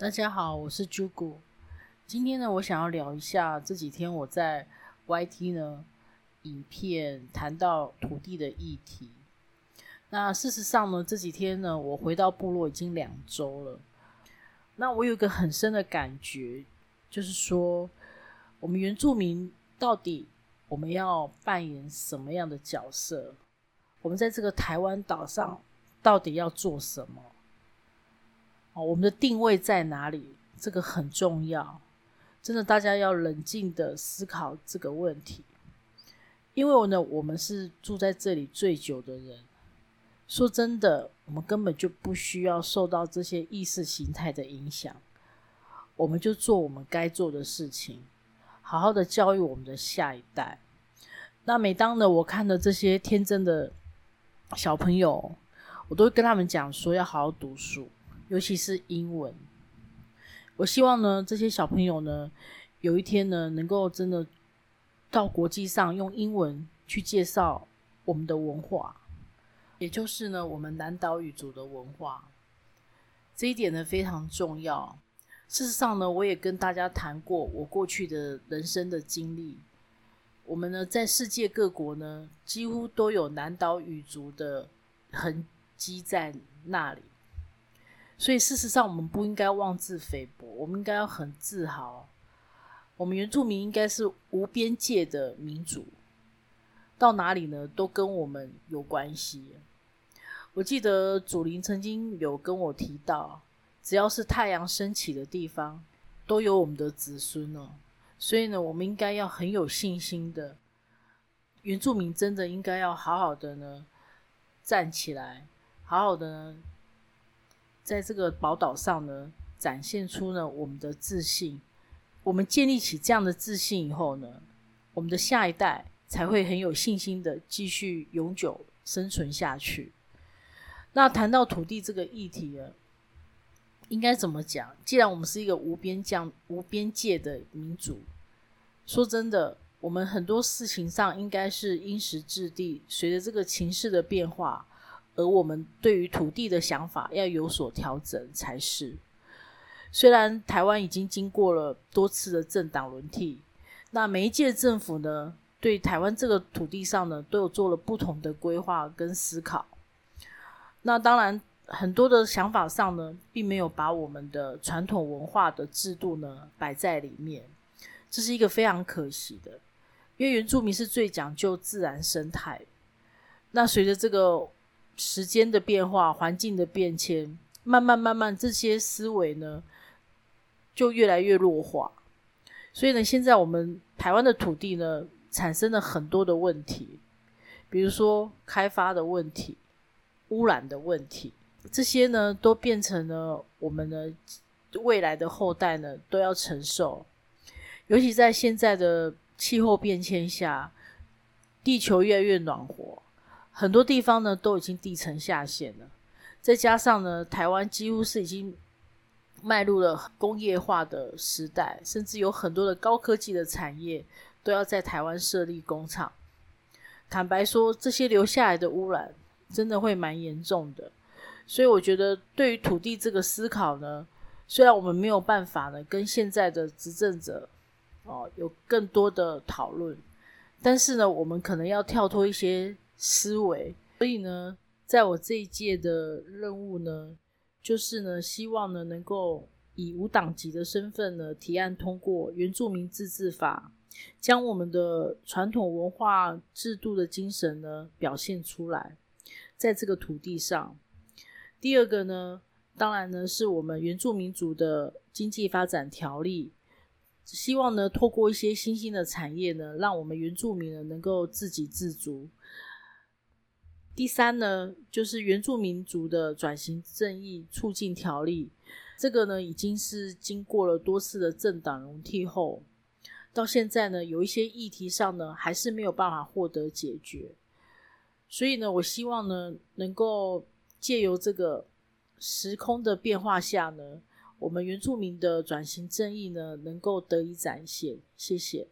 大家好，我是 Jugo。今天呢，我想要聊一下這幾天我在 YT 呢影片談到土地的議題。那事實上呢，這幾天呢，我回到部落已經兩周了。那我有一個很深的感覺，就是說，我們原住民到底我們要扮演什麼樣的角色？我們在這個台灣島上到底要做什麼？我們的定位在哪裡？這個很重要，真的，大家要冷靜的思考這個問題。因為呢，我們是住在這裡最久的人。說真的，我們根本就不需要受到這些意識形態的影響，我們就做我們該做的事情，好好的教育我們的下一代。那每當呢，我看到這些天真的小朋友，我都會跟他們講說要好好讀書。尤其是英文，我希望呢，這些小朋友呢，有一天呢，能夠真的到國際上用英文去介紹我們的文化，也就是呢，我們南島語族的文化。這一點呢非常重要。事實上呢，我也跟大家談過我過去的人生的經歷。我們呢，在世界各國呢，幾乎都有南島語族的痕跡在那裡。所以，事實上，我們不應該妄自菲薄，我們應該要很自豪。我們原住民應該是無邊界的民主，到哪裡呢，都跟我們有關係。我記得祖靈曾經有跟我提到，只要是太陽升起的地方，都有我們的子孫哦。所以呢，我們應該要很有信心的，原住民真的應該要好好的呢，站起來，好好的呢。在這個寶島上呢，展現出呢我們的自信。我們建立起這樣的自信以後呢，我們的下一代才會很有信心的繼續永久生存下去。那談到土地這個議題呢，應該怎麼講？既然我們是一個無邊疆、無邊界的民族，說真的，我們很多事情上應該是因時制地，隨着這個情勢的變化。而我們對於土地的想法，要有所調整才是。雖然台灣已經經過了多次的政黨輪替，那每一屆政府呢，對台灣這個土地上呢，都有做了不同的規劃跟思考。那當然，很多的想法上呢，並沒有把我們的傳統文化的制度呢擺在裡面，這是一個非常可惜的。因為原住民是最講究自然生態，那隨着這個。時間的變化，環境的變遷，慢慢慢慢，這些思維呢，就越來越弱化。所以呢，現在我們台灣的土地呢，產生了很多的問題，比如說開發的問題、污染的問題，這些呢，都變成了我們呢未來的後代呢，都要承受。尤其在現在的氣候變遷下，地球越來越暖和。很多地方呢都已經地層下陷了，再加上呢，台灣幾乎是已經邁入了工業化的時代，甚至有很多的高科技的產業都要在台灣設立工廠。坦白說，這些留下來的污染真的會蠻嚴重的，所以我覺得對於土地這個思考呢，雖然我們沒有辦法呢跟現在的執政者哦有更多的討論，但是呢，我們可能要跳脫一些。思維，所以呢，在我這一屆的任務呢，就是呢，希望呢，能夠以無黨籍的身份呢，提案通過原住民自治法，將我們的傳統文化制度的精神呢，表現出來，在這個土地上。第二個呢，當然呢，是我們原住民族的經濟發展條例，希望呢，透過一些新興的產業呢，讓我們原住民呢，能夠自給自足。第三呢，就是原住民族的轉型正義促進條例，這個呢已經是經過了多次的政黨輪替後，到現在呢有一些議題上呢還是沒有辦法獲得解決，所以呢，我希望呢能夠借由這個時空的變化下呢，我們原住民的轉型正義呢能夠得以展現，謝謝。